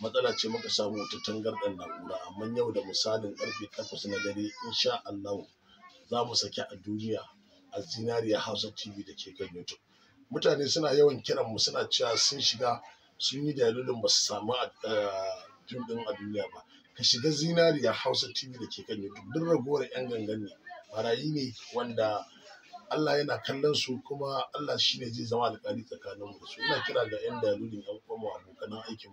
matsala ce muka samu ta tangarɗar na'ura amma yau da misalin karfe 8 na dare insha Allah za mu saki a duniya a zinariya hausa tv da ke kan youtube mutane suna yawan kiran mu suna cewa sun shiga sun yi dalilin ba su samu eh, fim a duniya ba ka shiga zinariya hausa tv da ke kan youtube duk ragowar yan gangan ne barayi ne wanda Allah yana kallon su kuma Allah shi ne zai zama alƙali tsakaninmu da su ina kira ga yan dalilin yan kuma abokan aikin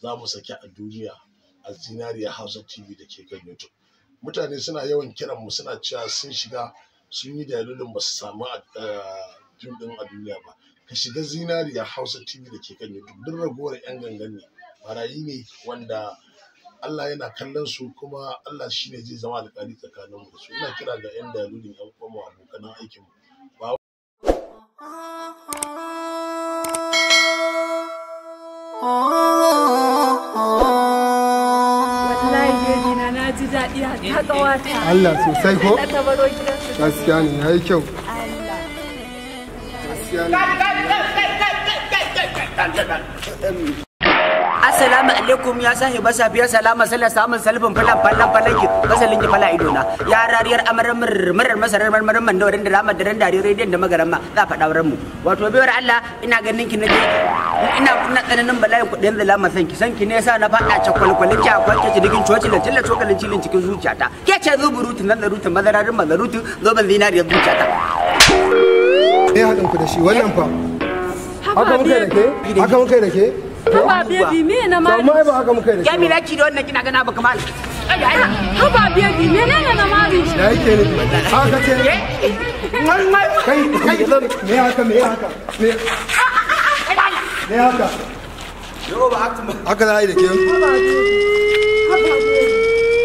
za mu saki a duniya a zinariya hausa tv da ke kan youtube mutane suna yawan kiran mu suna cewa sun shiga sun yi dalilin ba su samu eh, fim din a duniya ba ka shiga zinariya hausa tv da ke kan youtube duk ragowar yan gangan ne barayi ne wanda Allah yana kallon su kuma Allah shi ne zai zama alƙali tsakanin mu su ina kira ga 'yan dalilin 'yan kuma abokan aikin mu ba ji daɗi eh, ta eh, ƙawata. Eh. sosai ko? Gaskiya ne ya yi kyau. Gaskiya ne. assalamu alaikum ya sahi ba safiya salama sallah samun salbin falan falan falan ki basalin ki fala idona ya rariyar amaran murmurar masarar marmarin man da da ramar daren dare rediyon da magaran ma za faɗa wurin mu wato biyar Allah ina ganin ki nake ina kunna tsananin bala'i kuɗin da lama san ki san ki ne yasa na faɗa ce kwalkwalin ki akwai ki digin coci da tilla cokalin cilin cikin zuciyata ke ce zuburutun nan da rutun madararin mazarutu zoben zinariyar zuciyata me haɗin ku da shi wannan fa haka muka da ke haka muka da ke Haba bi me na mari. Amma ba haka muka yi. Ya mi laki da wannan kina gana ba kamar. Haba baby me na na mari. yake ne. Haka ce. Kai kai zan me haka me haka. Me. Me haka. Yo ba haka. Haka za a yi da ke.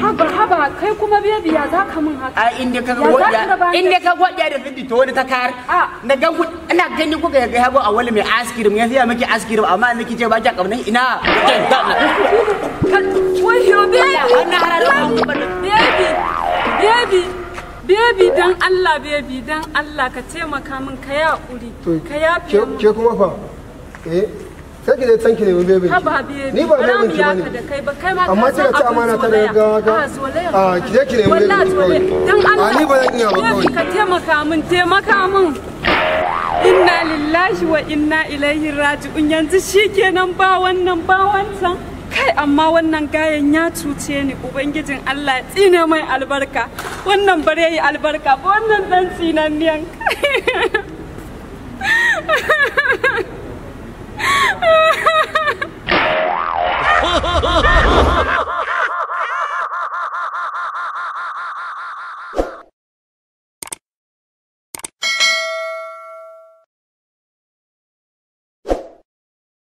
haba haba kai kuma bebi ya za ka min haka a ah, inda ka gwada inda ka gwada da biddi to wani ta kar ah. na ga ina gani kuka ga hago a wani mai askirim ya siya miki askirim amma ni ce ba ki kaunan ina wai yo bebi ana harara bebi bebi bebi dan Allah bebi dan Allah ka taimaka min ka ya hakuri ka ya ke kuma fa eh sai ki dai san ki nemi bebe ni ba bebe ki bane amma kika ci amana ta daga gaga a ki je ki nemi bebe ki kawai dan Allah ni ba zan iya ba kawai ka taimaka min taimaka min inna lillahi wa inna ilaihi raji'un yanzu shikenan ba wannan ba wancan kai amma wannan gayan ya cuce ni ubangijin Allah tsine mai albarka wannan bare yi albarka wannan dan tsinan niyan